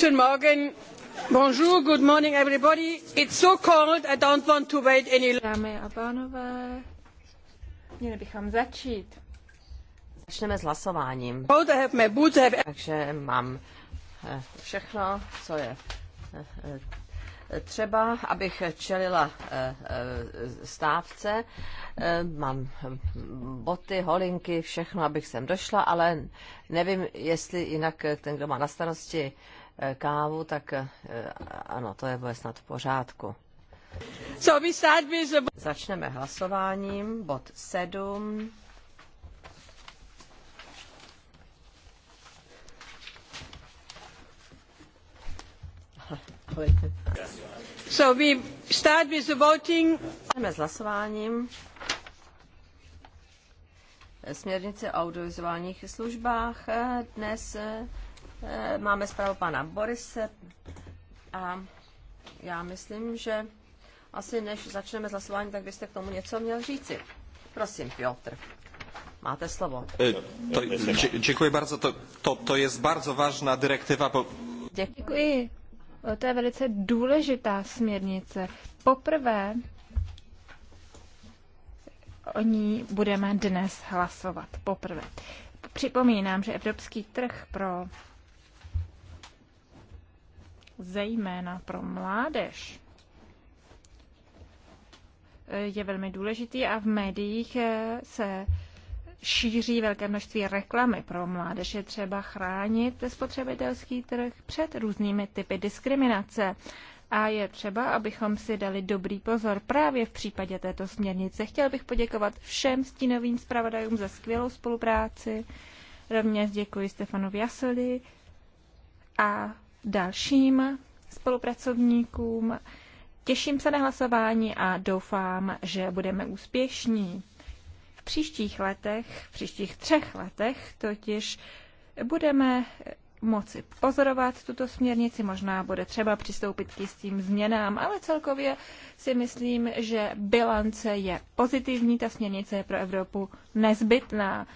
Guten Morgen. Bonjour, good morning everybody. It's so cold, I don't want to wait any Dámy a pánové, měli bychom začít. Začneme s hlasováním. Takže mám eh, všechno, co je eh, eh, třeba, abych čelila stávce. Mám hm, boty, holinky, všechno, abych sem došla, ale nevím, jestli jinak ten, kdo má na starosti Eh, kávu, tak eh, ano, to je bude snad v pořádku. Co by sád by se... Začneme hlasováním, bod 7. So we start with the voting. Jsme s hlasováním směrnice o audiovizuálních službách. Dnes eh, Eh, máme zprávu pana Borise a já myslím, že asi než začneme s hlasováním, tak byste k tomu něco měl říci. Prosím, Piotr. Máte slovo. To, eh, děkuji bardzo. To, to, to je bardzo vážná direktiva. Bo... Děkuji. To je velice důležitá směrnice. Poprvé o ní budeme dnes hlasovat. Poprvé. Připomínám, že evropský trh pro zejména pro mládež, eh, je velmi důležitý a v médiích eh, se šíří velké množství reklamy pro mládež. Je třeba chránit spotřebitelský trh před různými typy diskriminace. A je třeba, abychom si dali dobrý pozor právě v případě této směrnice. Chtěl bych poděkovat všem stínovým zpravodajům za skvělou spolupráci. Rovněž děkuji Stefanu Jasoli a dalším spolupracovníkům. Těším se na hlasování a doufám, že budeme úspěšní. V příštích letech, v příštích třech letech totiž budeme moci pozorovat tuto směrnici, možná bude třeba přistoupit k jistým změnám, ale celkově si myslím, že bilance je pozitivní, ta směrnice je pro Evropu nezbytná.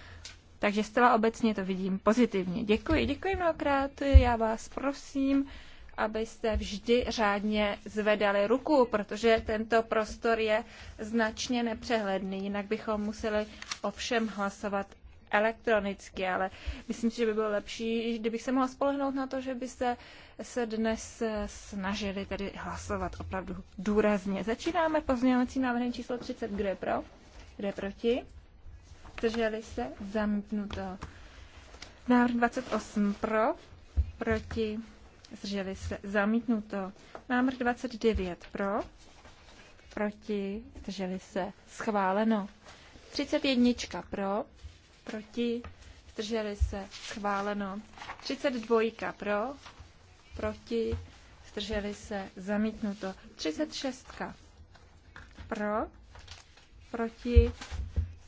Takže zcela obecně to vidím pozitivně. Děkuji, děkuji mnohokrát. Já vás prosím, abyste vždy řádně zvedali ruku, protože tento prostor je značně nepřehledný, jinak bychom museli ovšem hlasovat elektronicky, ale myslím si, že by bylo lepší, kdybych se mohla spolehnout na to, že byste se dnes snažili tedy hlasovat opravdu důrazně. Začínáme pozměňovací návrhem číslo 30. Kdo je pro? Kdo je proti? zdrželi se, zamítnuto. Návrh 28 pro, proti, zdrželi se, zamítnuto. Návrh 29 pro, proti, zdrželi se, schváleno. 31 pro, proti, zdrželi se, schváleno. 32 pro, proti, zdrželi se, zamítnuto. 36 pro, proti,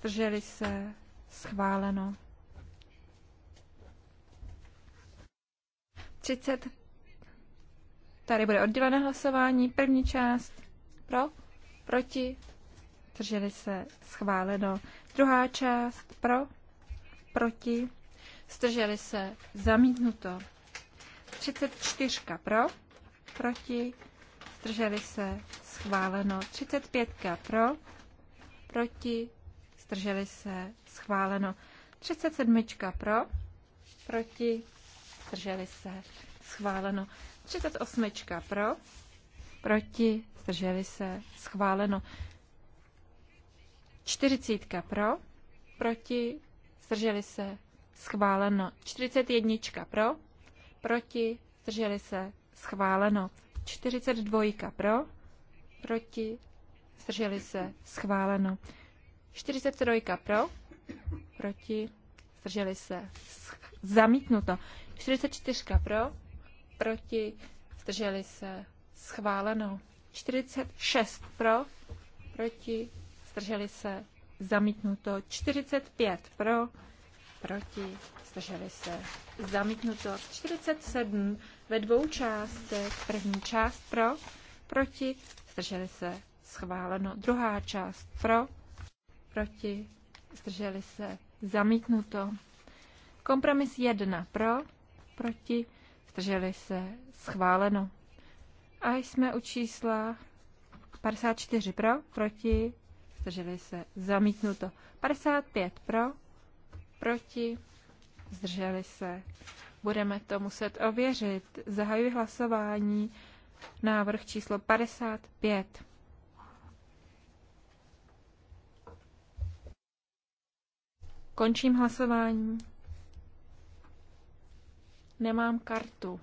zdrželi se, schváleno. 30. Tady bude oddělené hlasování. První část pro, proti, zdrželi se, schváleno. Druhá část pro, proti, zdrželi se, zamítnuto. 34 pro, proti, zdrželi se, schváleno. 35 pro, proti, zdrželi se, schváleno. 37 pro, proti, zdrželi se, schváleno. 38 pro, proti, zdrželi se, schváleno. 40 pro, proti, zdrželi se, schváleno. 41 pro, proti, zdrželi se, schváleno. 42 pro, proti, zdrželi se, schváleno. 43 pro, proti, zdrželi se, zamítnuto. 44 pro, proti, zdrželi se, schváleno. 46 pro, proti, zdrželi se, zamítnuto. 45 pro, proti, zdrželi se, zamítnuto. 47 ve dvou částech, první část pro, proti, zdrželi se, schváleno. Druhá část pro, proti, zdrželi se, zamítnuto. Kompromis 1 pro, proti, zdrželi se, schváleno. A jsme u čísla 54 pro, proti, zdrželi se, zamítnuto. 55 pro, proti, zdrželi se. Budeme to muset ověřit. Zahajuji hlasování. Návrh číslo 55. Končím hlasování. Nemám kartu.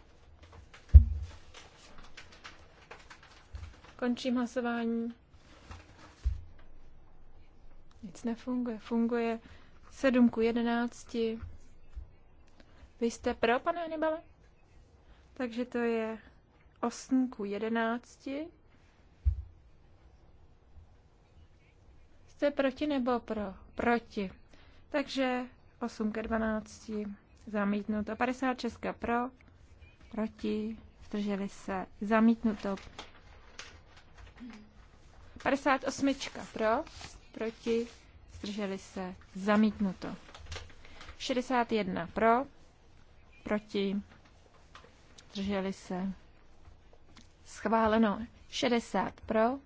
Končím hlasování. Nic nefunguje. Funguje 7 k 11. Vy jste pro, pane Anibale? Takže to je 8 k 11. Jste proti nebo pro? Proti. Takže 8 ke 12 zamítnuto. 56 pro, proti, zdrželi se, zamítnuto. 58 pro, proti, zdrželi se, zamítnuto. 61 pro, proti, zdrželi se, schváleno. 60 pro,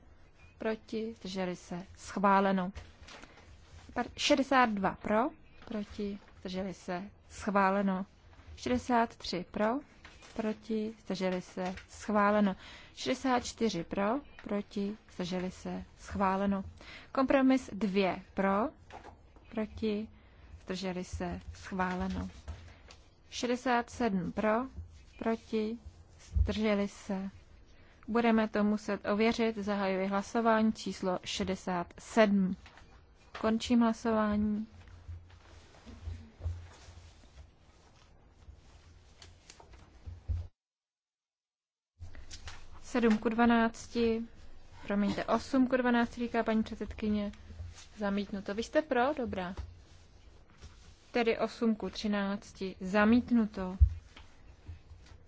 proti, zdrželi se, schváleno. 62 pro, proti, zdrželi se, schváleno. 63 pro, proti, zdrželi se, schváleno. 64 pro, proti, zdrželi se, schváleno. Kompromis 2 pro, proti, zdrželi se, schváleno. 67 pro, proti, zdrželi se. Budeme to muset ověřit, zahajuji hlasování číslo 67. Končím hlasování. Sedm ku dvanácti, promiňte, osm ku dvanácti, říká paní předsedkyně. Zamítnuto. Vy jste pro? Dobrá. Tedy osm ku třinácti. Zamítnuto.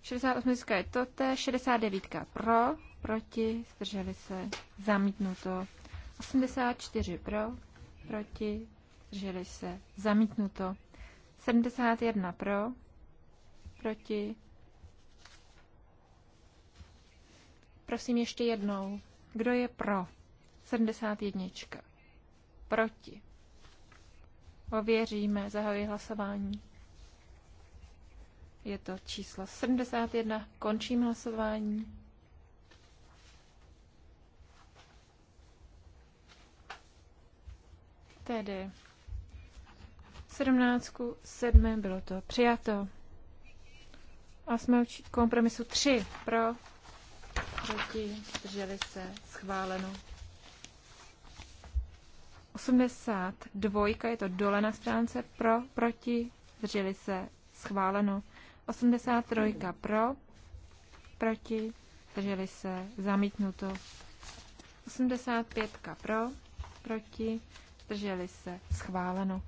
68 je to té, 69 pro, proti, zdrželi se, zamítnuto. 84 pro, proti, zdrželi se, zamítnuto. 71 pro, proti. Prosím ještě jednou, kdo je pro? 71. Proti. Ověříme, zahajuji hlasování. Je to číslo 71, končím hlasování. Tedy 17 7 bylo to přijato. A jsme v kompromisu 3 pro, proti, drželi se, schváleno. 82 je to dole na stránce pro, proti, drželi se, schváleno. 83 pro, proti, drželi se, zamítnuto. 85 pro, proti, zdrželi se, schváleno.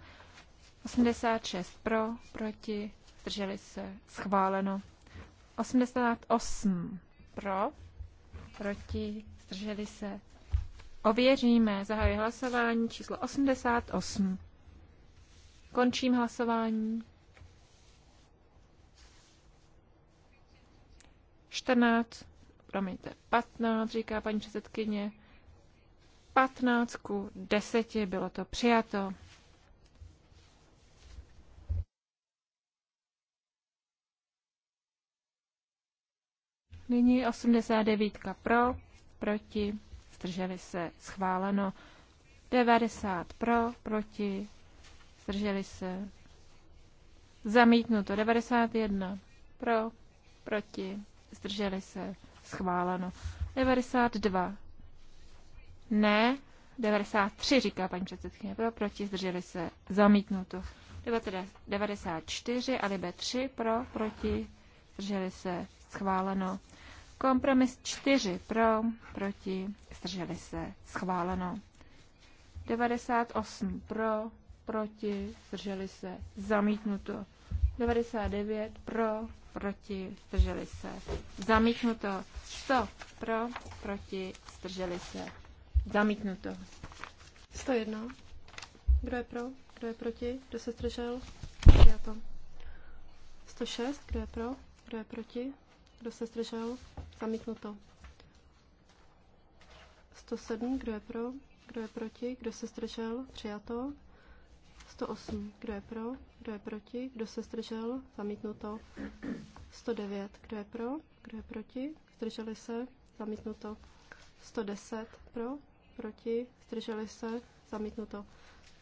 86 pro, proti, zdrželi se, schváleno. 88 pro, proti, zdrželi se. Ověříme, zahajuji hlasování číslo 88. Končím hlasování. 14, promiňte, 15, říká paní předsedkyně. 15 ku 10 bylo to přijato. Nyní 89 pro, proti, zdrželi se, schváleno. 90 pro, proti, zdrželi se, zamítnuto. 91 pro, proti, zdrželi se, schváleno. 92 ne. 93, říká paní předsedkyně. Pro, proti, zdrželi se. Zamítnuto. 94, Alibe 3, pro, proti, zdrželi se. Schváleno. Kompromis 4, pro, proti, zdrželi se. Schváleno. 98, pro, proti, zdrželi se. Zamítnuto. 99, pro, proti, zdrželi se. Zamítnuto. 100, pro, proti, zdrželi se Zamítnuto. 101. Kdo je pro? Kdo je proti? Kdo se zdržel? Přijato. 106. Kdo je pro? Kdo je proti? Kdo se zdržel? Zamítnuto. 107. Kdo je pro? Kdo je proti? Kdo se zdržel? Přijato. 108. Kdo je pro? Kdo je proti? Kdo se zdržel? Zamítnuto. 109. Kdo je pro? Kdo je proti? Zdrželi se? Zamítnuto. 110. Pro? proti, zdrželi se, zamítnuto.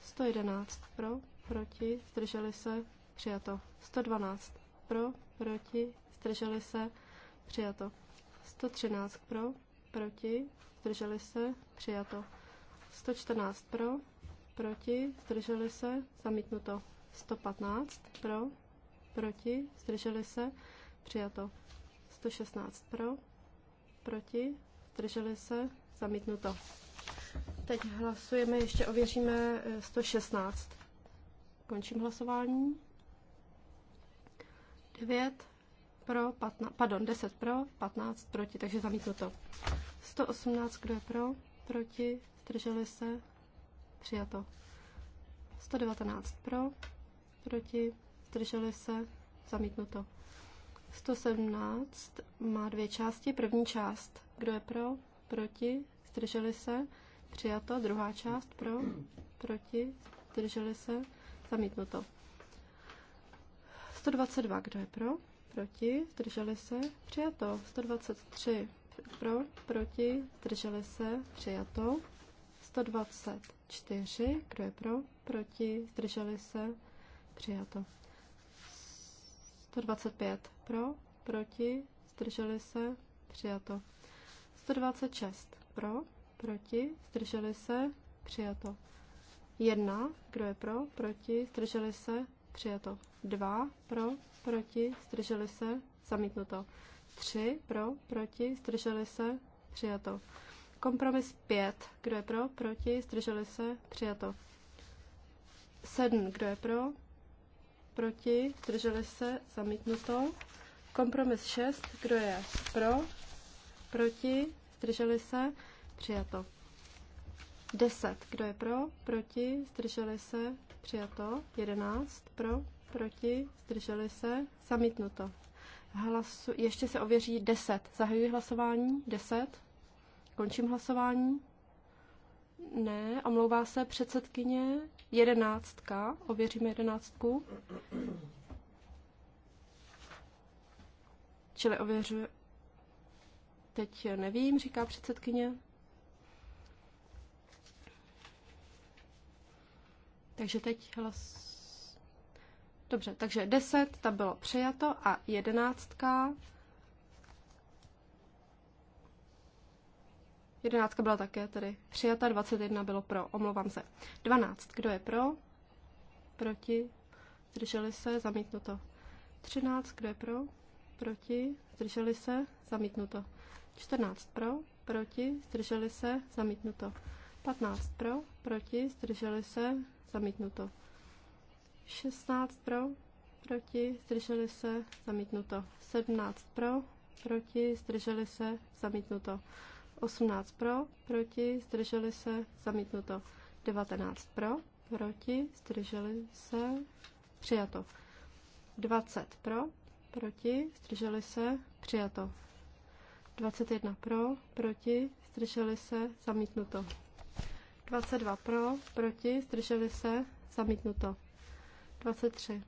111 pro, proti, zdrželi se, přijato. 112 pro, proti, zdrželi se, přijato. 113 pro, proti, zdrželi se, přijato. 114 pro, proti, zdrželi se, zamítnuto. 115 pro, proti, zdrželi se, přijato. 116 pro, proti, zdrželi se, zamítnuto. Teď hlasujeme, ještě ověříme 116. Eh, Končím hlasování. 9 pro, 15, pardon, 10 pro, 15 proti, takže zamítnuto. 118, kdo je pro, proti, zdrželi se, přijato. 119 pro, proti, zdrželi se, zamítnuto. 117 má dvě části. První část, kdo je pro, proti, zdrželi se, Přijato. Druhá část pro, proti, zdrželi se, zamítnuto. 122, kdo je pro, proti, zdrželi se, přijato. 123 pro, proti, zdrželi se, přijato. 124, kdo je pro, proti, zdrželi se, přijato. 125 pro, proti, zdrželi se, přijato. 126 pro, proti, zdrželi se, přijato. Jedna, kdo je pro, proti, zdrželi se, přijato. Dva, pro, proti, zdrželi se, zamítnuto. Tři, pro, proti, zdrželi se, přijato. Kompromis pět, kdo je pro, proti, zdrželi se, přijato. Sedm, kdo je pro, proti, zdrželi se, zamítnuto. Kompromis šest, kdo je pro, proti, zdrželi se, Přijato. 10. Kdo je pro? Proti? Zdrželi se? Přijato. 11. Pro? Proti? Zdrželi se? Zamítnuto. Hlasu, ještě se ověří 10. Zahajuji hlasování. 10. Končím hlasování. Ne, omlouvá se předsedkyně. 11. Ověříme 11. Čili ověřuje... Teď nevím, říká předsedkyně. Takže teď hlas... Dobře, takže 10, ta bylo přijato a jedenáctka. Jedenáctka byla také tedy přijata, 21 bylo pro, omlouvám se. 12, kdo je pro? Proti? Zdrželi se, zamítnuto. 13, kdo je pro? Proti? Zdrželi se, zamítnuto. 14 pro, proti, zdrželi se, zamítnuto. 15 pro, proti, zdrželi se, zamítnuto. 16 pro, proti, zdrželi se, zamítnuto. 17 pro, proti, zdrželi se, zamítnuto. 18 pro, proti, zdrželi se, zamítnuto. 19 pro, proti, zdrželi se, přijato. 20 pro, proti, zdrželi se, přijato. 21 pro, proti, zdrželi se, zamítnuto. 22 pro, proti, zdrželi se, zamítnuto. 23.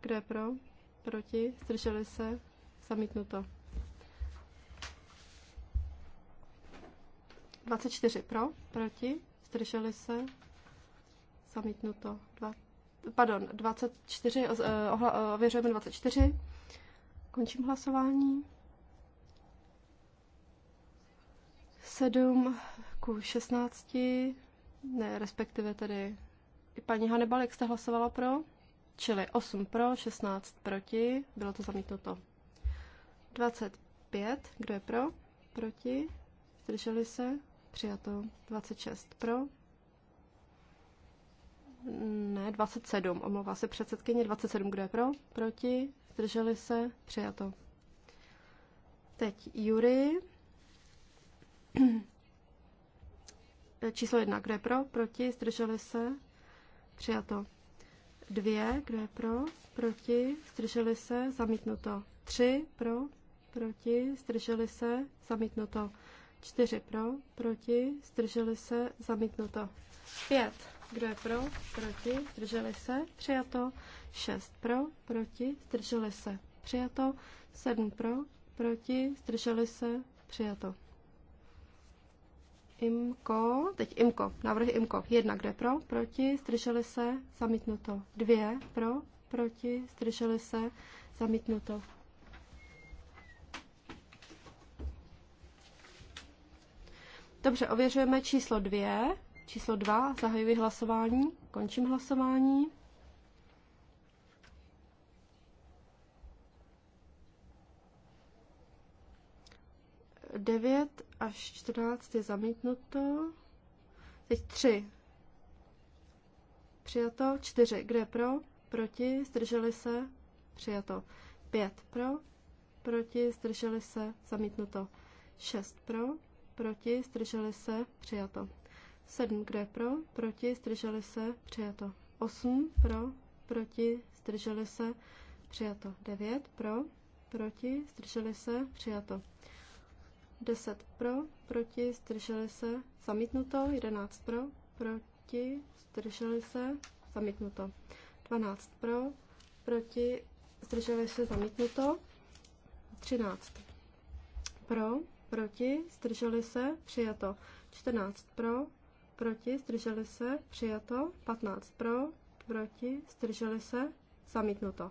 Kdo je pro, proti, zdrželi se, zamítnuto. 24 pro, proti, zdrželi se, zamítnuto. Dva, pardon, 24, eh, eh, ověřujeme 24. Končím hlasování. 7 ku 16, ne, respektive tedy i paní Hanebal, jak jste hlasovala pro? Čili 8 pro, 16 proti, bylo to zamítnuto. 25, kdo je pro? Proti, zdrželi se, přijato. 26 pro, ne, 27, omlouvá se předsedkyně, 27, kdo je pro? Proti, zdrželi se, přijato. Teď Jury, Číslo jedna, kdo je pro, proti, zdrželi se, přijato. Dvě, kdo je pro, proti, zdrželi se, zamítnuto. Tři, pro, proti, zdrželi se, zamítnuto. Čtyři, pro, proti, zdrželi se, zamítnuto. Pět, kdo je pro, proti, zdrželi se, přijato. Šest, pro, proti, zdrželi se, přijato. Sedm, pro, proti, zdrželi se, přijato. IMKO, teď IMKO, návrhy IMKO. Jedna, kde pro, proti, zdrželi se, zamítnuto. Dvě, pro, proti, zdrželi se, zamítnuto. Dobře, ověřujeme číslo dvě. Číslo dva, zahajuji hlasování, končím hlasování. Devět až 14 je zamítnuto. Teď 3. Přijato. 4. Kde pro? Proti. Zdrželi se. Přijato. 5. Pro. Proti. Zdrželi se. Zamítnuto. 6. Pro. Proti. Zdrželi se. Přijato. 7. Kde pro? Proti. Zdrželi se. Přijato. 8. Pro. Proti. Zdrželi se. Přijato. 9. Pro. Proti. Zdrželi se. Přijato. 10 pro, proti, zdrželi se, zamítnuto, 11 pro, proti, zdrželi se, zamítnuto, 12 pro, proti, zdrželi se, zamítnuto, 13 pro, proti, zdrželi se, přijato, 14 pro, proti, zdrželi se, přijato, 15 pro, proti, zdrželi se, zamítnuto.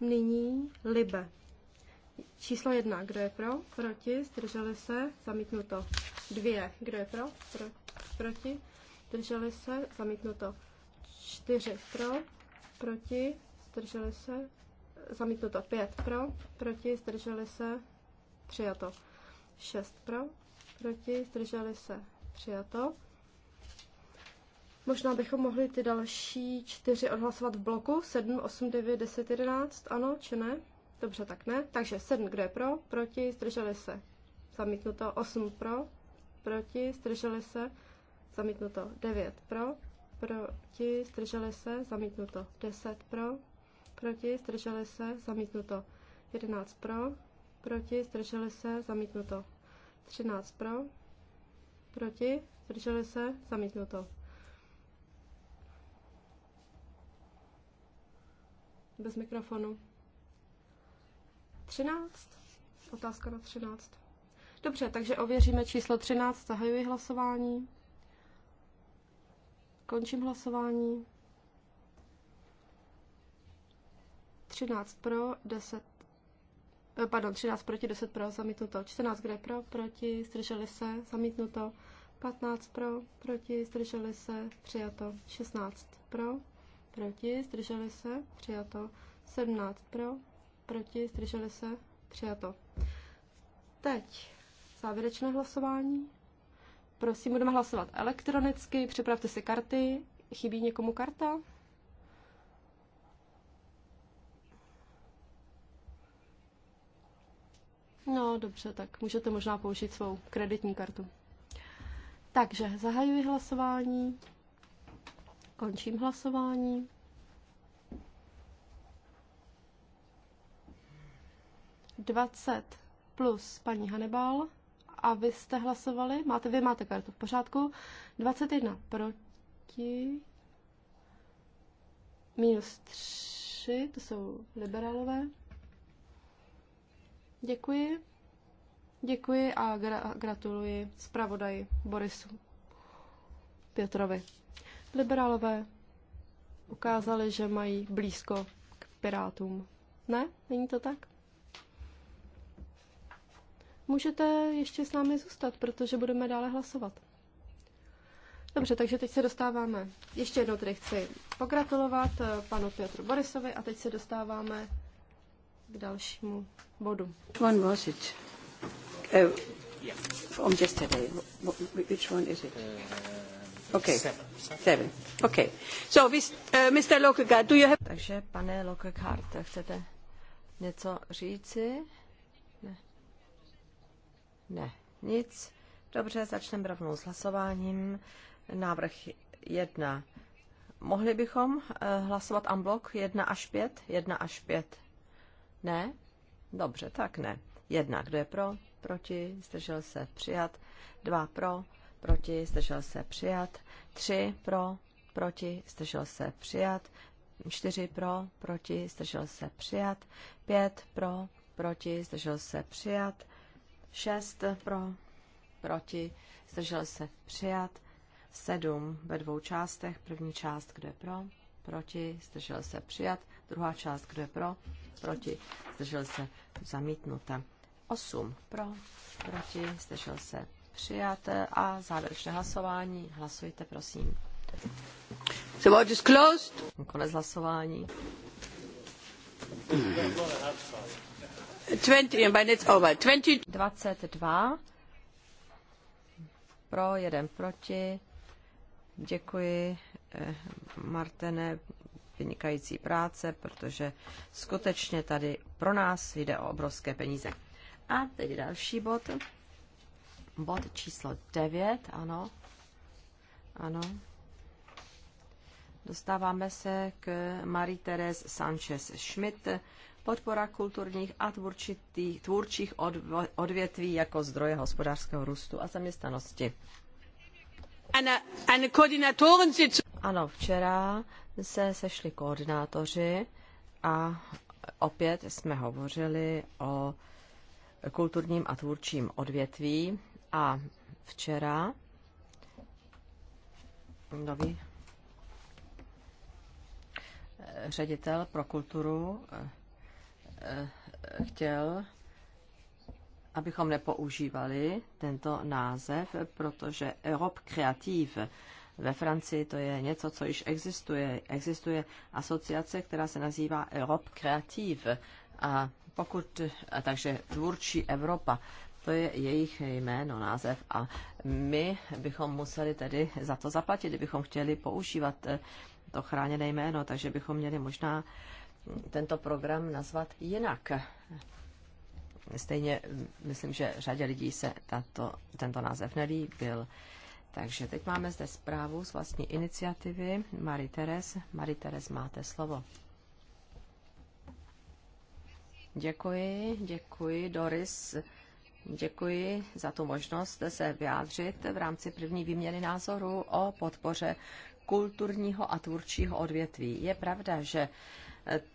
Nyní libe. Číslo jedna, kdo je pro? Proti, zdrželi se, zamítnuto. Dvě, kdo je pro? pro proti, zdrželi se, zamítnuto. Čtyři, pro, proti, zdrželi se, zamítnuto. Pět, pro, proti, zdrželi se, přijato. Šest, pro, proti, zdrželi se, přijato. Možná bychom mohli ty další čtyři odhlasovat v bloku. 7, 8, 9, 10, 11, ano, či ne? Dobře, tak ne. Takže 7, kdo je pro, proti, zdrželi se. Zamítnuto 8 pro, proti, zdrželi se. Zamítnuto 9 pro, proti, zdrželi se. Zamítnuto 10 pro, proti, zdrželi se. Zamítnuto 11 pro, proti, zdrželi se. Zamítnuto 13 pro, proti, zdrželi se. Zamítnuto bez mikrofonu. 13? Otázka na 13. Dobře, takže ověříme číslo 13, zahajuji hlasování. Končím hlasování. 13 pro, 10 eh, pardon, 13 proti, 10 pro, zamítnuto. 14 kde pro, proti, zdrželi se, zamítnuto. 15 pro, proti, zdrželi se, přijato. 16 pro, proti, zdrželi se, přijato. 17 pro, proti, zdrželi se, přijato. Teď závěrečné hlasování. Prosím, budeme hlasovat elektronicky, připravte si karty. Chybí někomu karta? No, dobře, tak můžete možná použít svou kreditní kartu. Takže zahajuji hlasování, končím hlasování. 20 plus paní Hannibal a vy jste hlasovali, máte, vy máte kartu v pořádku, 21 proti, minus 3, to jsou liberálové. Děkuji. Děkuji a gra- gratuluji zpravodaji Borisu Pětrovi. Liberálové ukázali, že mají blízko k pirátům. Ne? Není to tak? můžete ještě s námi zůstat, protože budeme dále hlasovat. Dobře, takže teď se dostáváme. Ještě jednou tedy chci pogratulovat eh, panu Piotru Borisovi a teď se dostáváme k dalšímu bodu. One was it? Uh, from yesterday. Which one is it? Eh, okay. Seven. Okay. So, this, uh, eh, Mr. Lockhart, do you have... Takže, pane Lockhart, chcete něco říci? Ne, nic. Dobře, začneme rovnou s hlasováním. Návrh 1. Mohli bychom eh, hlasovat unblock 1 až 5? 1 až 5. Ne? Dobře, tak ne. 1. Kdo je pro? Proti? Zdržel se? Přijat. 2. Pro? Proti? Zdržel se? Přijat. 3. Pro? Proti? Zdržel se? Přijat. 4. Pro? Proti? Zdržel se? Přijat. 5. Pro? Proti? Zdržel se? Přijat. 6 pro, proti, zdržel se přijat. 7 ve dvou částech. První část, kdo je pro, proti, zdržel se přijat. Druhá část, kdo je pro, proti, zdržel se zamítnuta. 8 pro, proti, zdržel se přijat. A závěrečné hlasování. Hlasujte, prosím. The vote is closed. Konec hlasování. Mm. 20, 22 eh, pro, jeden proti. Děkuji, eh, Martene, vynikající práce, protože skutečně tady pro nás jde o obrovské peníze. A teď další bod. Bod číslo 9, ano. Ano. Dostáváme se k Marie-Thérèse Sanchez-Schmidt, podpora kulturních a tvůrčitých, tvůrčích odvětví jako zdroje hospodářského růstu a zaměstnanosti. Ano, včera se sešli koordinátoři a opět jsme hovořili o kulturním a tvůrčím odvětví a včera nový eh, ředitel pro kulturu eh, Eh, chtěl, abychom nepoužívali tento název, protože Europe Creative ve Francii to je něco, co již existuje. Existuje asociace, která se nazývá Europe Creative. A pokud, a takže tvůrčí Evropa, to je jejich jméno, název a my bychom museli tedy za to zaplatit, kdybychom chtěli používat eh, to chráněné jméno, takže bychom měli možná tento program nazvat jinak. Stejně myslím, že řadě lidí se tato, tento název nelíbil. Takže teď máme zde zprávu z vlastní iniciativy Marie Teres. Marie Teres, máte slovo. Děkuji, děkuji Doris, děkuji za tu možnost se vyjádřit v rámci první výměny názoru o podpoře kulturního a tvůrčího odvětví. Je pravda, že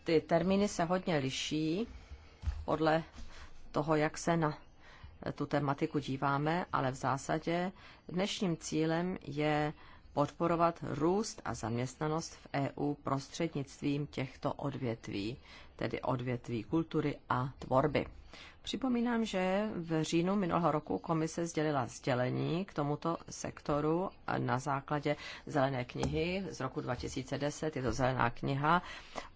ty termíny se hodně liší podle toho, jak se na tu tematiku díváme, ale v zásadě dnešním cílem je podporovat růst a zaměstnanost v EU prostřednictvím těchto odvětví, tedy odvětví kultury a tvorby. Připomínám, že v říjnu minulého roku komise sdělila sdělení k tomuto sektoru na základě zelené knihy z roku 2010. Je to zelená kniha,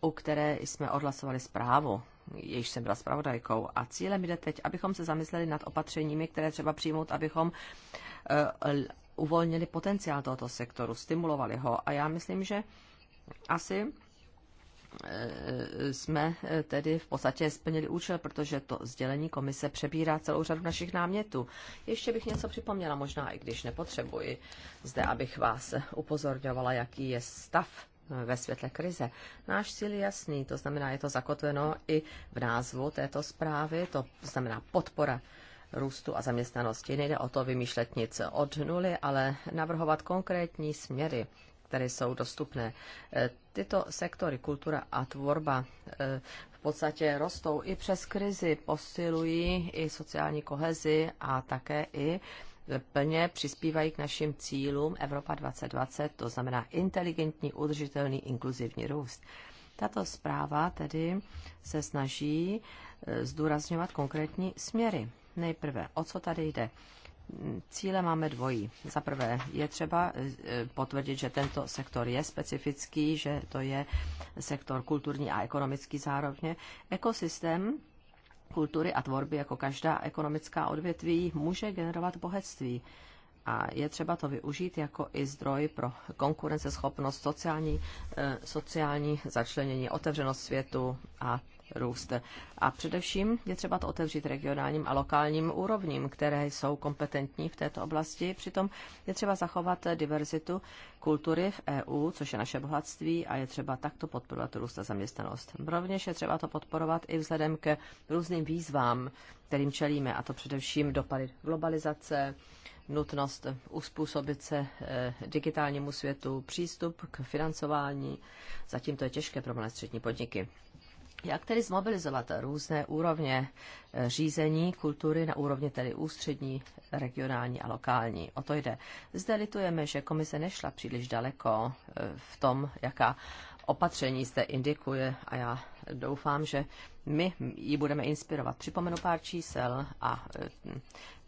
u které jsme odhlasovali zprávu jejíž jsem byla zpravodajkou. A cílem jde teď, abychom se zamysleli nad opatřeními, které třeba přijmout, abychom eh, uvolnili potenciál tohoto sektoru, stimulovali ho. A já myslím, že asi jsme eh, tedy v podstatě splnili účel, protože to sdělení komise přebírá celou řadu našich námětů. Ještě bych něco připomněla, možná i když nepotřebuji zde, abych vás upozorňovala, jaký je stav eh, ve světle krize. Náš cíl je jasný, to znamená, je to zakotveno i v názvu této zprávy, to znamená podpora růstu a zaměstnanosti. Nejde o to vymýšlet nic od nuly, ale navrhovat konkrétní směry které jsou dostupné. E, tyto sektory, kultura a tvorba, e, v podstatě rostou i přes krizi, posilují i sociální kohezi a také i plně přispívají k našim cílům Evropa 2020, to znamená inteligentní, udržitelný, inkluzivní růst. Tato zpráva tedy se snaží e, zdůrazňovat konkrétní směry. Nejprve, o co tady jde? Cíle máme dvojí. Za prvé je třeba eh, potvrdit, že tento sektor je specifický, že to je sektor kulturní a ekonomický zároveň. Ekosystém kultury a tvorby, jako každá ekonomická odvětví, může generovat bohatství. A je třeba to využít jako i zdroj pro konkurenceschopnost, sociální, eh, sociální začlenění, otevřenost světu a růst. A především je třeba to otevřít regionálním a lokálním úrovním, které jsou kompetentní v této oblasti. Přitom je třeba zachovat diverzitu kultury v EU, což je naše bohatství, a je třeba takto podporovat růst a zaměstnanost. Rovněž je třeba to podporovat i vzhledem k různým výzvám, kterým čelíme, a to především dopady globalizace, nutnost uspůsobit se eh, digitálnímu světu, přístup k financování. Zatím to je těžké pro malé střední podniky. Jak tedy zmobilizovat různé úrovně eh, řízení kultury na úrovni tedy ústřední, regionální a lokální? O to jde. Zde litujeme, že komise nešla příliš daleko eh, v tom, jaká opatření zde indikuje a já doufám, že my ji budeme inspirovat. Připomenu pár čísel a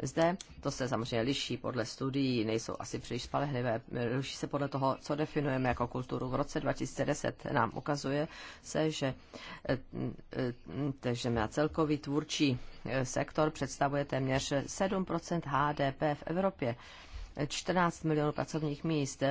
e, zde to se samozřejmě liší podle studií, nejsou asi příliš spalehlivé, liší se podle toho, co definujeme jako kulturu. V roce 2010 nám ukazuje se, že, e, e, že na celkový tvůrčí sektor představuje téměř 7 HDP v Evropě. 14 milionů pracovních míst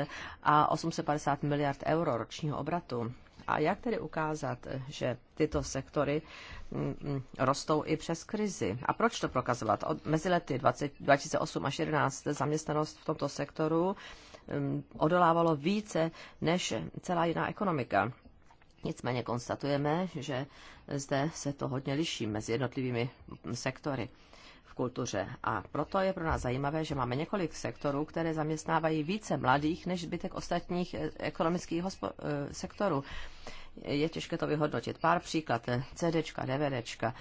a 850 miliard euro ročního obratu. A jak tedy ukázat, že tyto sektory mm, mm, rostou i přes krizi? A proč to prokazovat? Od mezi lety 20, 2008 až 2011 zaměstnanost v tomto sektoru mm, odolávalo více než celá jiná ekonomika. Nicméně konstatujeme, že zde se to hodně liší mezi jednotlivými sektory kultuře. A proto je pro nás zajímavé, že máme několik sektorů, které zaměstnávají více mladých než zbytek ostatních eh, ekonomických eh, sektorů. Je těžké to vyhodnotit. Pár příklad. Eh, CDčka, DVDčka,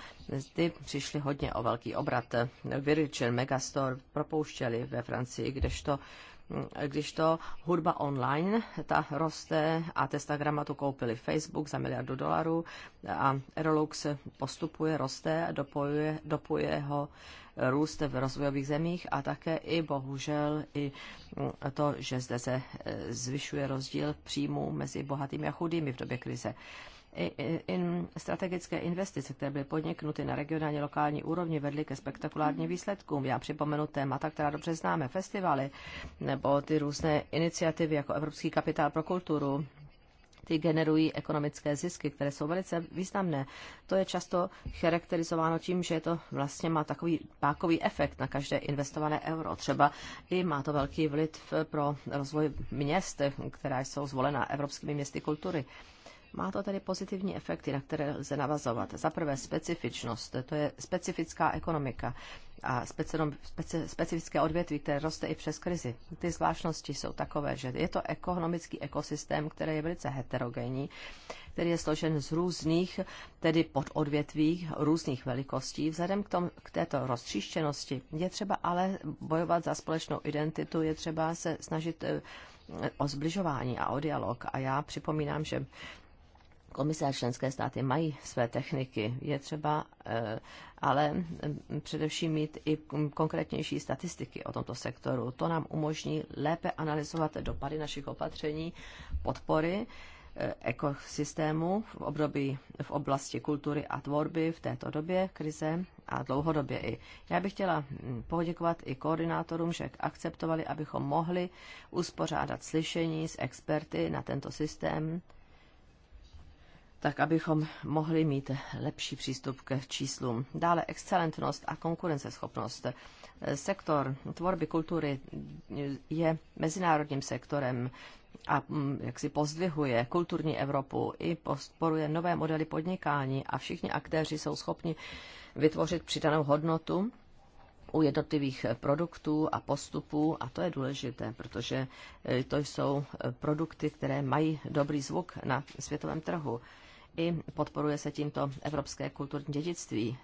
ty přišly hodně o velký obrat. Virgin, Megastore propouštěli ve Francii, kdežto hm, když to hudba online, ta roste a Testagrama tu koupili Facebook za miliardu dolarů a Erolux postupuje, roste a dopojuje, dopuje ho růst v rozvojových zemích a také i bohužel i to, že zde se eh, zvyšuje rozdíl příjmů mezi bohatými a chudými v době krize. In strategické investice, které byly podniknuty na regionální lokální úrovni, vedly ke spektakulárním výsledkům. Já připomenu témata, která dobře známe, festivaly nebo ty různé iniciativy jako Evropský kapitál pro kulturu ty generují ekonomické zisky, které jsou velice významné. To je často charakterizováno tím, že to vlastně má takový pákový efekt na každé investované euro. Třeba i má to velký vliv pro rozvoj měst, která jsou zvolena evropskými městy kultury. Má to tedy pozitivní efekty, na které lze navazovat. Za prvé specifičnost, to je specifická ekonomika a specifické odvětví, které roste i přes krizi. Ty zvláštnosti jsou takové, že je to ekonomický ekosystém, který je velice heterogenní, který je složen z různých, tedy pododvětví, různých velikostí. Vzhledem k, tom, k této roztříštěnosti je třeba ale bojovat za společnou identitu, je třeba se snažit eh, o zbližování a o dialog. A já připomínám, že Komise a členské státy mají své techniky. Je třeba eh, ale eh, především mít i konkrétnější statistiky o tomto sektoru. To nám umožní lépe analyzovat dopady našich opatření, podpory eh, ekosystému v, období, v oblasti kultury a tvorby v této době krize a dlouhodobě i. Já bych chtěla hm, poděkovat i koordinátorům, že akceptovali, abychom mohli uspořádat slyšení s experty na tento systém tak abychom mohli mít lepší přístup k číslům. Dále excelentnost a konkurenceschopnost. Sektor tvorby kultury je mezinárodním sektorem a mm, jak si pozdvihuje kulturní Evropu i podporuje nové modely podnikání a všichni aktéři jsou schopni vytvořit přidanou hodnotu u jednotlivých produktů a postupů a to je důležité, protože e, to jsou e, produkty, které mají dobrý zvuk na světovém trhu i podporuje se tímto evropské kulturní dědictví.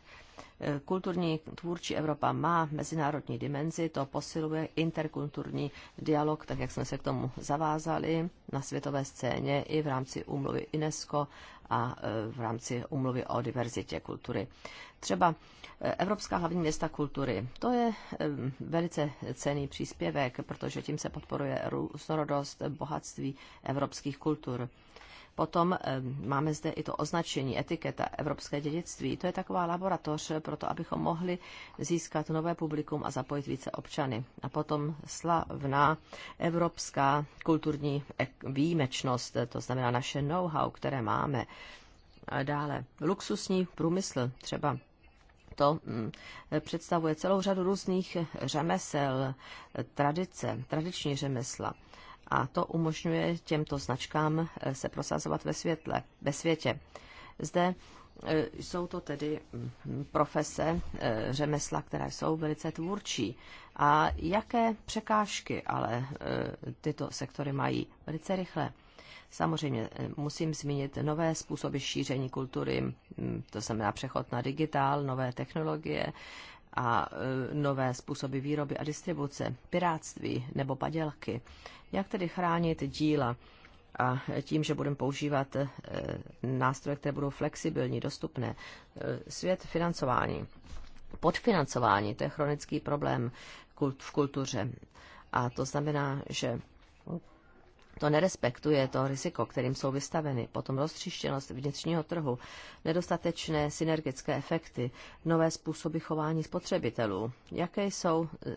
E, kulturní tvůrčí Evropa má mezinárodní dimenzi, to posiluje interkulturní dialog, tak jak jsme se k tomu zavázali na světové scéně i v rámci úmluvy UNESCO a e, v rámci úmluvy o diverzitě kultury. Třeba e, Evropská hlavní města kultury. To je velice cený příspěvek, protože tím se podporuje různorodost bohatství evropských kultur. Potom eh, máme zde i to označení, etiketa Evropské dědictví. To je taková laboratoř pro to, abychom mohli získat nové publikum a zapojit více občany. A potom slavná evropská kulturní výjimečnost, to znamená naše know-how, které máme. A dále luxusní průmysl, třeba to mm, představuje celou řadu různých řemesel, tradice, tradiční řemesla a to umožňuje těmto značkám eh, se prosazovat ve, světle, ve světě. Zde eh, jsou to tedy hm, profese, eh, řemesla, která jsou velice tvůrčí. A jaké překážky ale tyto sektory mají velice rychle? Samozřejmě musím zmínit nové způsoby šíření kultury, hm, to znamená přechod na digitál, nové technologie, a e, nové způsoby výroby a distribuce, piráctví nebo padělky. Jak tedy chránit díla? a tím, že budeme používat e, nástroje, které budou flexibilní, dostupné. E, svět financování. Podfinancování, to je chronický problém v kultuře. A to znamená, že to nerespektuje to riziko, kterým jsou vystaveny, potom roztřištěnost vnitřního trhu, nedostatečné synergické efekty, nové způsoby chování spotřebitelů. Jaké jsou e,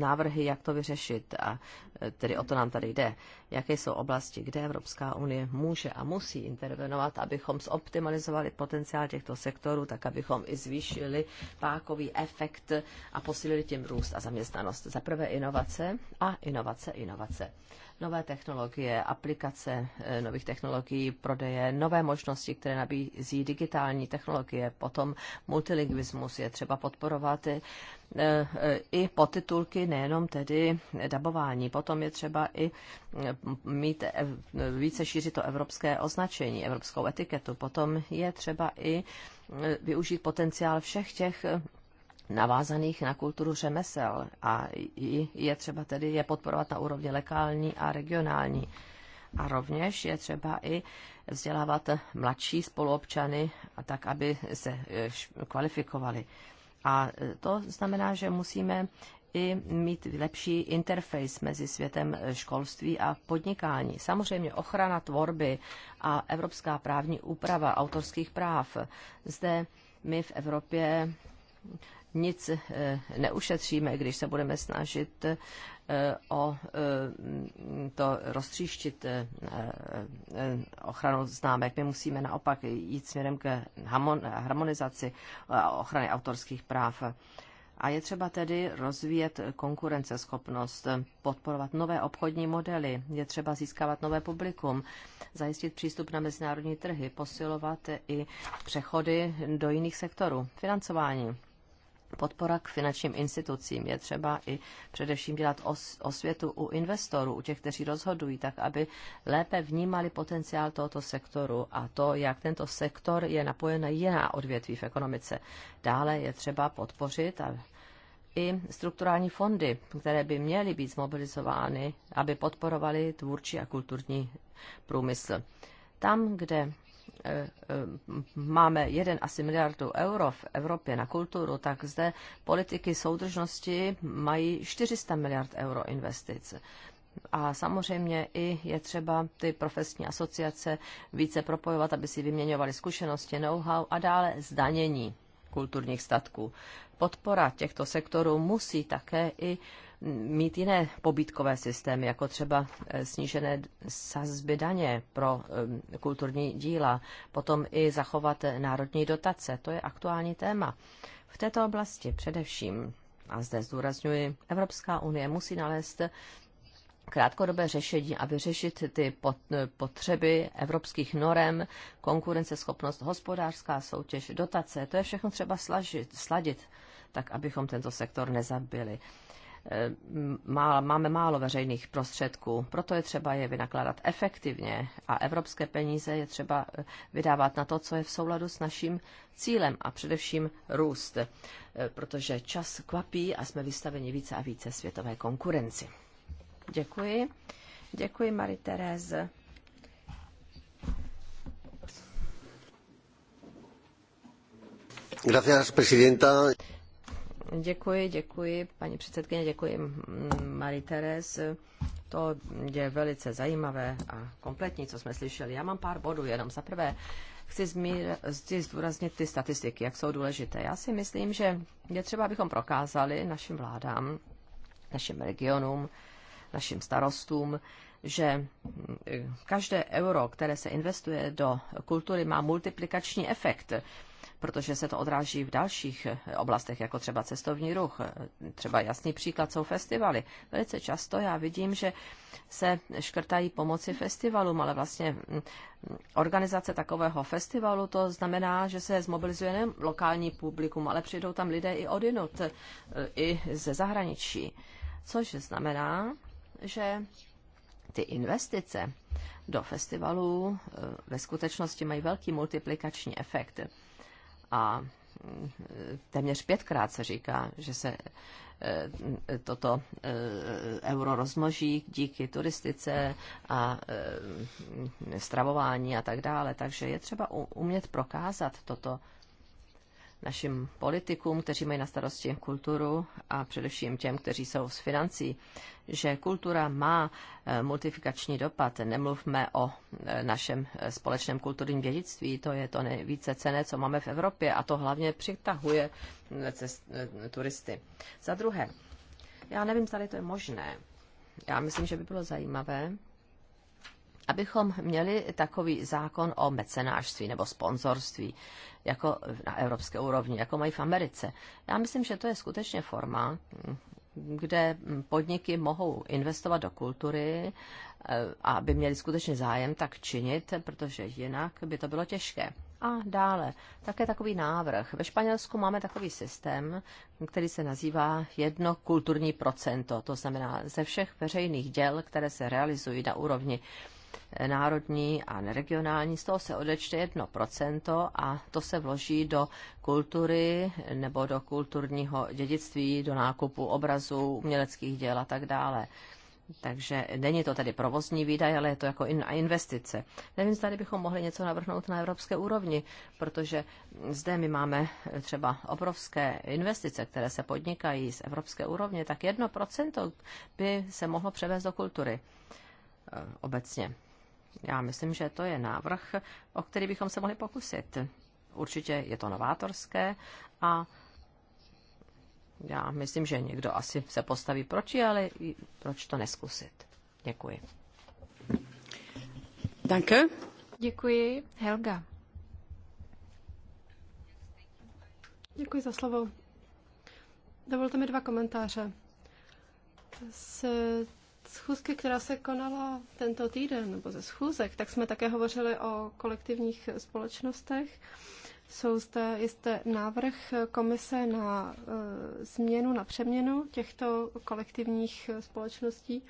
návrhy, jak to vyřešit a e, tedy o to nám tady jde. Jaké jsou oblasti, kde Evropská unie může a musí intervenovat, abychom zoptimalizovali potenciál těchto sektorů, tak abychom i zvýšili pákový efekt a posílili tím růst a zaměstnanost. Za prvé inovace a inovace, inovace nové technologie, aplikace eh, nových technologií, prodeje, nové možnosti, které nabízí digitální technologie, potom multilingvismus je třeba podporovat eh, eh, i podtitulky, nejenom tedy dabování. Potom je třeba i mít více šířit to evropské označení, evropskou etiketu. Potom je třeba i využít potenciál všech těch navázaných na kulturu řemesel a je třeba tedy je podporovat na úrovni lokální a regionální. A rovněž je třeba i vzdělávat mladší spoluobčany, tak aby se eh, kvalifikovali. A eh, to znamená, že musíme i mít lepší interface mezi světem eh, školství a podnikání. Samozřejmě ochrana tvorby a evropská právní úprava autorských práv. Zde my v Evropě nic eh, neušetříme, když se budeme snažit eh, o eh, to roztříštit ochranu známek. My musíme naopak jít směrem k harmonizaci ochrany autorských práv. A je třeba tedy rozvíjet konkurenceschopnost, podporovat nové obchodní modely, je třeba získávat nové publikum, zajistit přístup na mezinárodní trhy, posilovat i přechody do jiných sektorů, financování. Podpora k finančním institucím je třeba i především dělat osvětu u investorů, u těch, kteří rozhodují, tak aby lépe vnímali potenciál tohoto sektoru a to, jak tento sektor je napojen na jiná odvětví v ekonomice. Dále je třeba podpořit a i strukturální fondy, které by měly být zmobilizovány, aby podporovaly tvůrčí a kulturní průmysl. Tam, kde Eh, eh, máme jeden asi miliardu euro v Evropě na kulturu, tak zde politiky soudržnosti mají 400 miliard euro investic. A samozřejmě i je třeba ty profesní asociace více propojovat, aby si vyměňovali zkušenosti, know-how a dále zdanění kulturních statků. Podpora těchto sektorů musí také i mít jiné pobídkové systémy, jako třeba eh, snížené sazby daně pro eh, kulturní díla, potom i zachovat národní dotace. To je aktuální téma. V této oblasti především, a zde zdůrazňuji, Evropská unie musí nalézt krátkodobé řešení a vyřešit ty potřeby evropských norem, konkurenceschopnost, hospodářská soutěž, dotace. To je všechno třeba slažit, sladit, tak abychom tento sektor nezabili. E, máme málo veřejných prostředků, proto je třeba je vynakládat efektivně a evropské peníze je třeba e, vydávat na to, co je v souladu s naším cílem a především růst, e, protože čas kvapí a jsme vystaveni více a více světové konkurenci. Děkuji. Děkuji, Marie Tereze. Gracias, presidenta. Děkuji, děkuji, paní předsedkyně, děkuji, Marie Therese. To je velice zajímavé a kompletní, co jsme slyšeli. Já mám pár bodů, jenom za prvé chci, zmír, chci zdůraznit ty statistiky, jak jsou důležité. Já si myslím, že je třeba, abychom prokázali našim vládám, našim regionům, našim starostům, že eh, každé euro, které se investuje do kultury, má multiplikační efekt, protože se to odráží v dalších eh, oblastech, jako třeba cestovní ruch. Eh, třeba jasný příklad jsou festivaly. Velice často já vidím, že se škrtají pomoci festivalům, ale vlastně hm, organizace takového festivalu, to znamená, že se zmobilizuje nejen lokální publikum, ale přijdou tam lidé i odinut, i ze zahraničí. Což znamená, že ty investice do festivalů eh, ve skutečnosti mají velký multiplikační efekt. A eh, téměř pětkrát se říká, že se eh, toto euro rozmnoží díky turistice a stravování a tak dále. Takže je třeba umět prokázat toto našim politikům, kteří mají na starosti kulturu a především těm, kteří jsou s financí, že kultura má eh, multifikační dopad. Nemluvme o eh, našem eh, společném kulturním dědictví, to je to nejvíce cené, co máme v Evropě a to hlavně přitahuje cest, turisty. Za druhé, já nevím, zda to je možné. Já myslím, že by bylo zajímavé abychom měli takový zákon o mecenářství nebo sponzorství jako na evropské úrovni, jako mají v Americe. Já myslím, že to je skutečně forma, kde podniky mohou investovat do kultury, eh, a aby měli skutečně zájem tak činit, protože jinak by to bylo těžké. A dále, také takový návrh. Ve Španělsku máme takový systém, který se nazývá jedno kulturní procento. To znamená, ze všech veřejných děl, které se realizují na úrovni národní a regionální, z toho se odečte 1% a to se vloží do kultury nebo do kulturního dědictví, do nákupu obrazů, uměleckých děl a tak dále. Takže není to tedy provozní výdaj, ale je to jako in, investice. Nevím, zda bychom mohli něco navrhnout na evropské úrovni, protože zde my máme třeba obrovské investice, které se podnikají z evropské úrovně, tak 1% by se mohlo převést do kultury eh, obecně. Já myslím, že to je návrh, o který bychom se mohli pokusit. Určitě je to novátorské a já myslím, že někdo asi se postaví proti, ale proč to neskusit? Děkuji. Danke. Děkuji. Helga. Děkuji za slovo. Dovolte mi dva komentáře. S schůzky, která se konala tento týden, nebo ze schůzek, tak jsme také hovořili o kolektivních společnostech. Jsou zde jisté návrh komise na e, změnu, na přeměnu těchto kolektivních společností.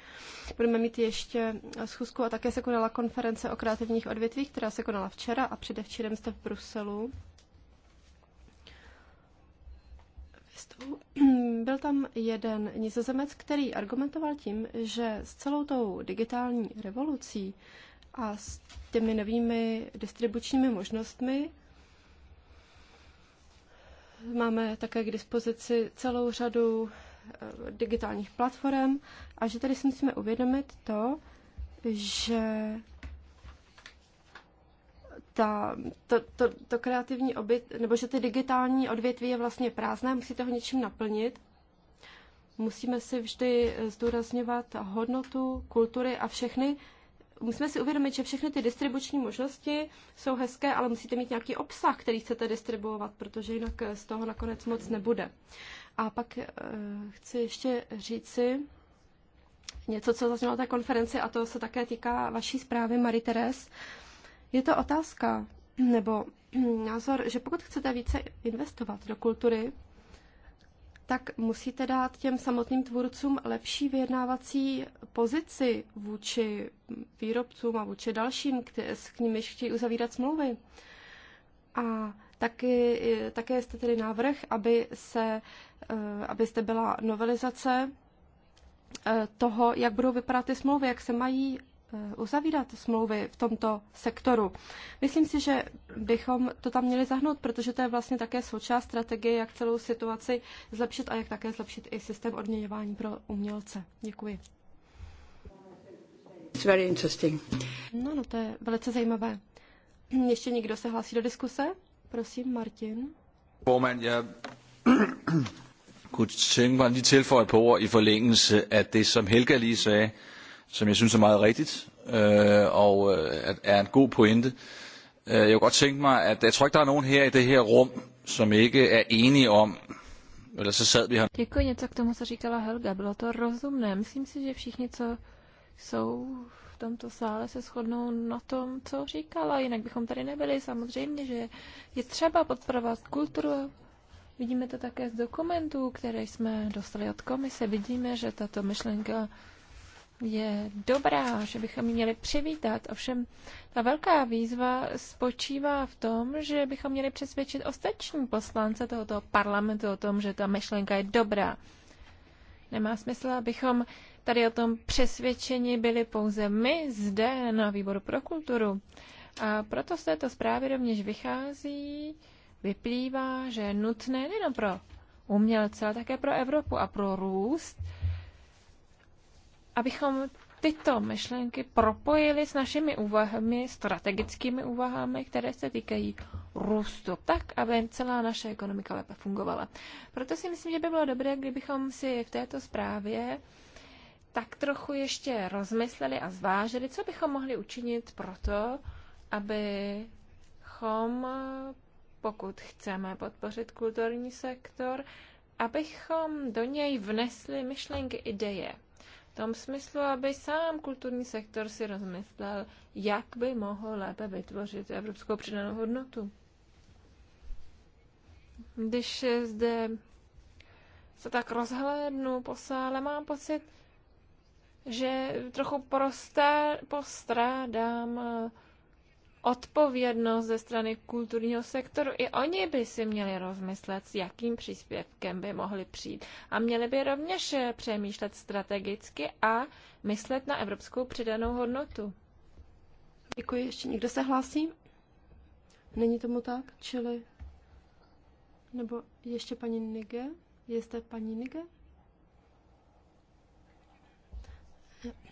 Budeme mít ještě schůzku a také se konala konference o kreativních odvětvích, která se konala včera a předevčírem jste v Bruselu. textu byl tam jeden nizozemec, který argumentoval tím, že s celou tou digitální revolucí a s těmi novými distribučními možnostmi máme také k dispozici celou řadu eh, digitálních platform a že tady si musíme uvědomit to, že ta, to, to, to kreativní obyt, nebo že ty digitální odvětví je vlastně prázdné, musíte ho něčím naplnit. Musíme si vždy zdůrazňovat hodnotu kultury a všechny. Musíme si uvědomit, že všechny ty distribuční možnosti jsou hezké, ale musíte mít nějaký obsah, který chcete distribuovat, protože jinak z toho nakonec moc nebude. A pak eh, chci ještě říci, něco, co zaznělo na té konferenci, a to se také týká vaší zprávy, Marie therese je to otázka nebo názor, že pokud chcete více investovat do kultury, tak musíte dát těm samotným tvůrcům lepší vyjednávací pozici vůči výrobcům a vůči dalším, s nimiž chtějí uzavírat smlouvy. A taky, také jste tedy návrh, aby se, eh, abyste byla novelizace eh, toho, jak budou vypadat ty smlouvy, jak se mají Eh, uzavírat smlouvy v tomto sektoru. Myslím si, že bychom to tam měli zahnout, protože to je vlastně také součást strategie, jak celou situaci zlepšit a jak také zlepšit i systém odměňování pro umělce. Děkuji. It's very interesting. No, no, to je velice zajímavé. Ještě někdo se hlásí do diskuse? Prosím, Martin. Formand, já. kunne tænke mig lige tilføje på ord i forlængelse af det, som Helga lige sagde som jeg synes er meget rigtigt øh, og øh, er en god pointe. Øh, Jeg kunne godt tænke mig, at jeg tror ikke, der er nogen her i det her rum, som ikke er enige om, eller så sad vi her. Děkuji něco k tomu, co říkala Helga. Bylo to rozumné. Myslím si, že všichni, co jsou v tomto sále, se shodnou na tom, co říkala. Jinak bychom tady nebyli. Samozřejmě, že je třeba podporovat kulturu. Vidíme to také z dokumentů, které jsme dostali od komise. Vidíme, že tato myšlenka je dobrá, že bychom ji měli přivítat. Ovšem ta velká výzva spočívá v tom, že bychom měli přesvědčit ostatní poslance tohoto parlamentu o tom, že ta myšlenka je dobrá. Nemá smysl, abychom tady o tom přesvědčení byli pouze my zde na výboru pro kulturu. A proto z této zprávy rovněž vychází, vyplývá, že je nutné nejen pro umělce, ale také pro Evropu a pro růst, abychom tyto myšlenky propojili s našimi úvahami, strategickými úvahami, které se týkají růstu, tak, aby celá naše ekonomika lépe fungovala. Proto si myslím, že by bylo dobré, kdybychom si v této zprávě tak trochu ještě rozmysleli a zvážili, co bychom mohli učinit pro to, abychom, pokud chceme podpořit kulturní sektor, abychom do něj vnesli myšlenky, ideje, v tom smyslu, aby sám kulturní sektor si rozmyslel, jak by mohl lépe vytvořit evropskou přidanou hodnotu. Když zde se tak rozhlédnu po sále, mám pocit, že trochu prosté, postrádám odpovědnost ze strany kulturního sektoru. I oni by si měli rozmyslet, s jakým příspěvkem by mohli přijít. A měli by rovněž eh, přemýšlet strategicky a myslet na evropskou přidanou hodnotu. Děkuji. Ještě někdo se hlásí? Není tomu tak? Čili... Nebo ještě paní Nige? Jste paní Nige?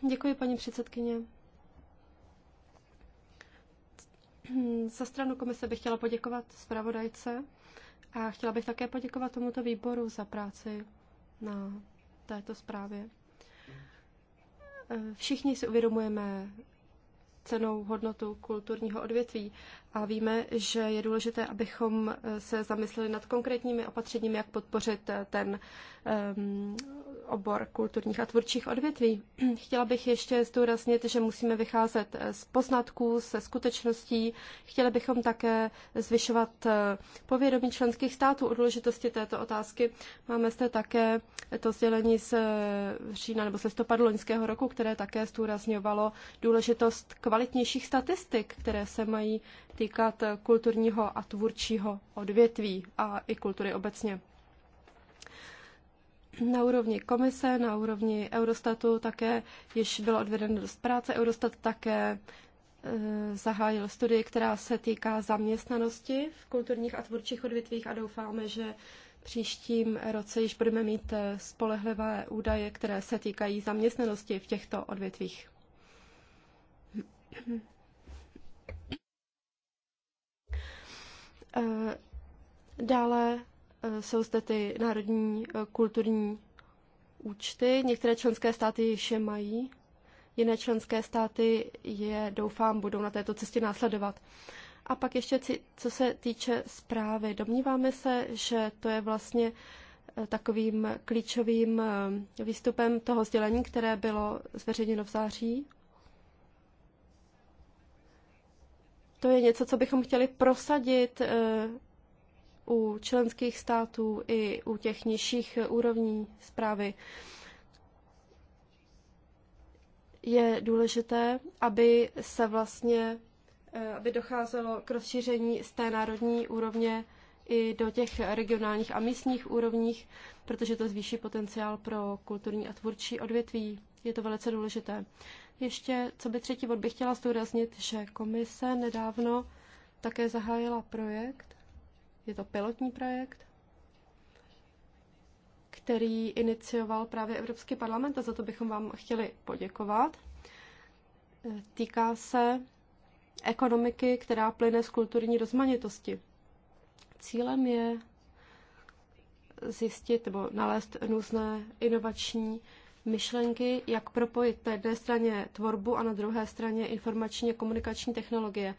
Děkuji, paní předsedkyně. Hm, za stranu komise bych chtěla poděkovat zpravodajce a chtěla bych také poděkovat tomuto výboru za práci na této zprávě. Eh, všichni si uvědomujeme cenou hodnotu kulturního odvětví a víme, že je důležité, abychom eh, se zamysleli nad konkrétními opatřeními, jak podpořit eh, ten um, obor kulturních a tvůrčích odvětví. Chtěla bych ještě zdůraznit, že musíme vycházet z poznatků, se skutečností. Chtěli bychom také zvyšovat eh, povědomí členských států o důležitosti této otázky. Máme zde také to sdělení z eh, října nebo z listopadu loňského roku, které také zdůrazňovalo důležitost kvalitnějších statistik, které se mají týkat eh, kulturního a tvůrčího odvětví a i kultury obecně. Na úrovni komise, na úrovni Eurostatu také již bylo odvedeno dost práce. Eurostat také e, zahájil studii, která se týká zaměstnanosti v kulturních a tvůrčích odvětvích a doufáme, že příštím roce již budeme mít e, spolehlivé údaje, které se týkají zaměstnanosti v těchto odvětvích. E, dále Eh, jsou zde ty národní eh, kulturní účty. Některé členské státy již je mají, jiné členské státy je, doufám, budou na této cestě následovat. A pak ještě, co se týče zprávy, domníváme se, že to je vlastně eh, takovým klíčovým výstupem toho sdělení, které bylo zveřejněno v září. To je něco, co bychom chtěli prosadit u členských států i u těch nižších úrovní zprávy. Je důležité, aby se vlastně, eh, aby docházelo k rozšíření z té národní úrovně i do těch regionálních a místních úrovních, protože to zvýší potenciál pro kulturní a tvůrčí odvětví. Je to velice důležité. Ještě, co by třetí bod bych chtěla zdůraznit, že komise nedávno také zahájila projekt, je to pilotní projekt, který inicioval právě Evropský parlament a za to bychom vám chtěli poděkovat. Týká se ekonomiky, která plyne z kulturní rozmanitosti. Cílem je zjistit nebo nalézt různé inovační myšlenky, jak propojit na jedné straně tvorbu a na druhé straně informační a komunikační technologie.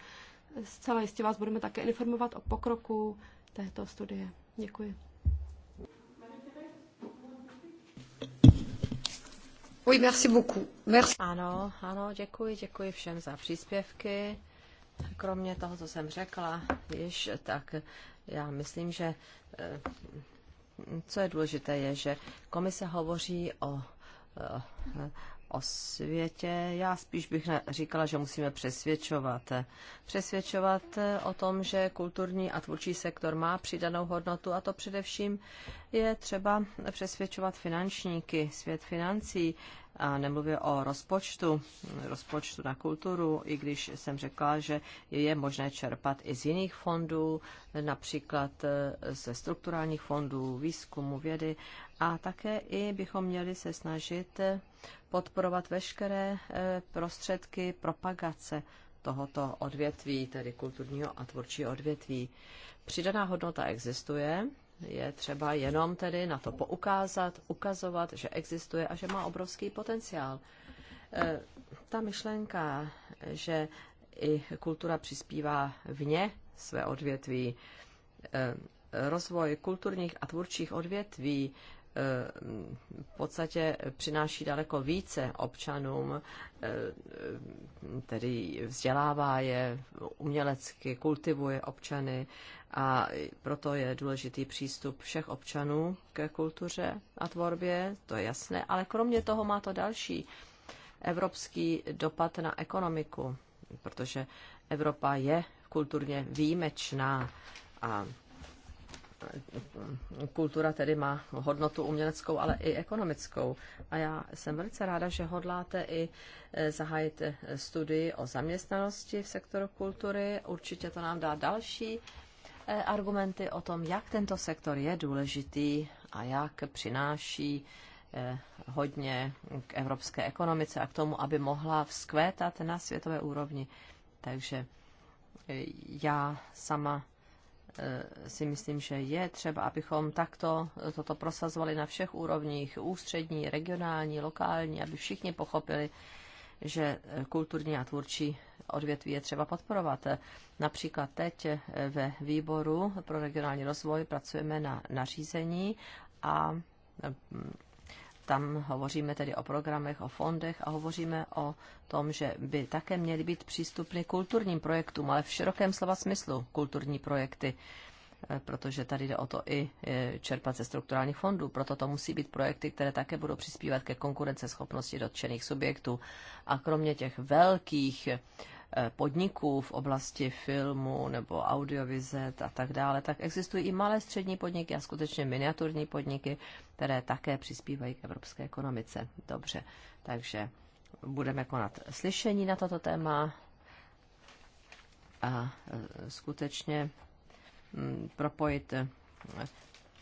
Zcela jistě vás budeme také informovat o pokroku této studie. Děkuji. Oui, merci beaucoup. Merci. Ano, ano, děkuji, děkuji všem za příspěvky. Kromě toho, co jsem řekla, již, tak já myslím, že eh, co je důležité, je, že komise hovoří o eh, o světě. Já spíš bych říkala, že musíme přesvědčovat. Přesvědčovat o tom, že kulturní a tvůrčí sektor má přidanou hodnotu a to především je třeba přesvědčovat finančníky, svět financí, a nemluvě o rozpočtu, rozpočtu na kulturu, i když jsem řekla, že je možné čerpat i z jiných fondů, například e, ze strukturálních fondů, výzkumu, vědy a také i bychom měli se snažit podporovat veškeré eh, prostředky propagace tohoto odvětví, tedy kulturního a tvůrčího odvětví. Přidaná hodnota existuje, je třeba jenom tedy na to poukázat, ukazovat, že existuje a že má obrovský potenciál. Eh, ta myšlenka, že i kultura přispívá vně své odvětví, eh, rozvoj kulturních a tvůrčích odvětví Eh, v podstatě přináší daleko více občanům, eh, tedy vzdělává je umělecky, kultivuje občany a proto je důležitý přístup všech občanů ke kultuře a tvorbě, to je jasné, ale kromě toho má to další evropský dopad na ekonomiku, protože Evropa je kulturně výjimečná a kultura tedy má hodnotu uměleckou, ale i ekonomickou. A já jsem velice ráda, že hodláte i eh, zahájit eh, studii o zaměstnanosti v sektoru kultury. Určitě to nám dá další eh, argumenty o tom, jak tento sektor je důležitý a jak přináší hodně k evropské ekonomice a k tomu, aby mohla vzkvétat na světové úrovni. Takže já sama Eh, si myslím, že je třeba, abychom takto eh, toto prosazovali na všech úrovních, ústřední, regionální, lokální, aby všichni pochopili, že eh, kulturní a tvůrčí odvětví je třeba podporovat. Například teď ve výboru pro regionální rozvoj pracujeme na nařízení a tam hovoříme tedy o programech, o fondech a hovoříme o tom, že by také měly být přístupny kulturním projektům, ale v širokém slova smyslu kulturní projekty, eh, protože tady jde o to i eh, čerpat ze strukturálních fondů. Proto to musí být projekty, které také budou přispívat ke konkurenceschopnosti dotčených subjektů. A kromě těch velkých Eh, podniků v oblasti filmu nebo audiovizet a tak dále, tak existují i malé střední podniky a skutečně miniaturní podniky, které také přispívají k evropské ekonomice. Dobře, takže budeme konat slyšení na toto téma a eh, skutečně hm, propojit eh,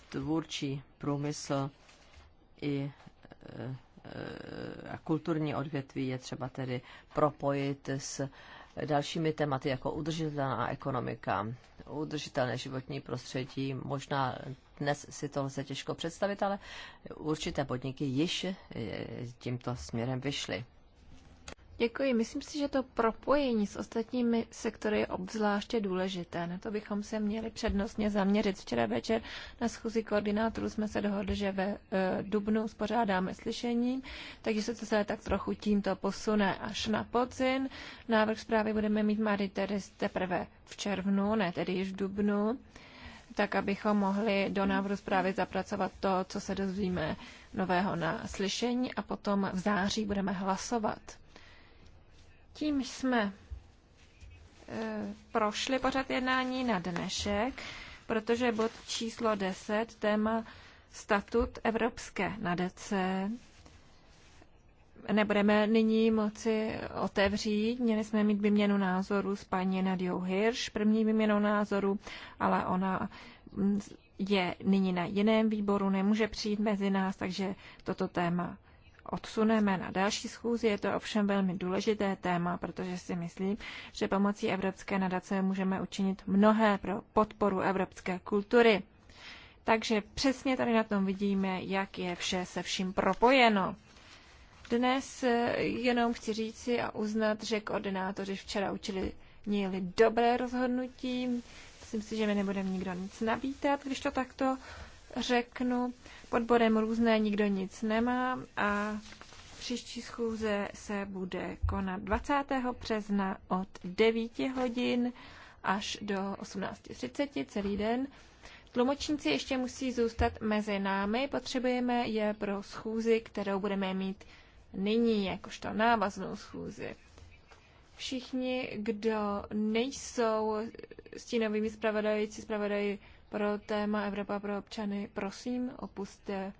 tvůrčí průmysl i a kulturní odvětví je třeba tedy propojit s dalšími tématy jako udržitelná ekonomika, udržitelné životní prostředí. Možná dnes si to lze těžko představit, ale určité podniky již eh, tímto směrem vyšly. Děkuji. Myslím si, že to propojení s ostatními sektory je obzvláště důležité. Na to bychom se měli přednostně zaměřit. Včera večer na schůzi koordinátorů jsme se dohodli, že ve e, Dubnu spořádáme slyšení, takže se to se tak trochu tímto posune až na podzim. Návrh zprávy budeme mít Mary Teres teprve v červnu, ne tedy již v Dubnu tak abychom mohli do návrhu zprávy zapracovat to, co se dozvíme nového na slyšení a potom v září budeme hlasovat. Tím jsme e, prošli pořad jednání na dnešek, protože bod číslo 10, téma statut Evropské nadace, nebudeme nyní moci otevřít. Měli jsme mít vyměnu názoru s paní Nadjou Hirsch, první vyměnou názoru, ale ona je nyní na jiném výboru, nemůže přijít mezi nás, takže toto téma odsuneme na další schůzi. Je to ovšem velmi důležité téma, protože si myslím, že pomocí Evropské nadace můžeme učinit mnohé pro podporu evropské kultury. Takže přesně tady na tom vidíme, jak je vše se vším propojeno. Dnes jenom chci říci a uznat, že koordinátoři včera učili měli dobré rozhodnutí. Myslím si, že mi nebudeme nikdo nic nabítat, když to takto řeknu. Pod bodem různé nikdo nic nemá a příští schůze se bude konat 20. března od 9 hodin až do 18.30 celý den. Tlumočníci ještě musí zůstat mezi námi, potřebujeme je pro schůzi, kterou budeme mít nyní, jakožto návaznou schůzi. Všichni, kdo nejsou stínovými zpravodajíci, zpravodají pro téma Evropa pro občany, prosím, opuste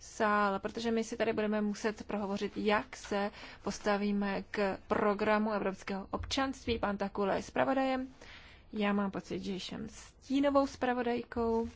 sál, protože my si tady budeme muset prohovořit, jak se postavíme k programu evropského občanství. Pan Takula je zpravodajem. Já mám pocit, že jsem stínovou zpravodajkou.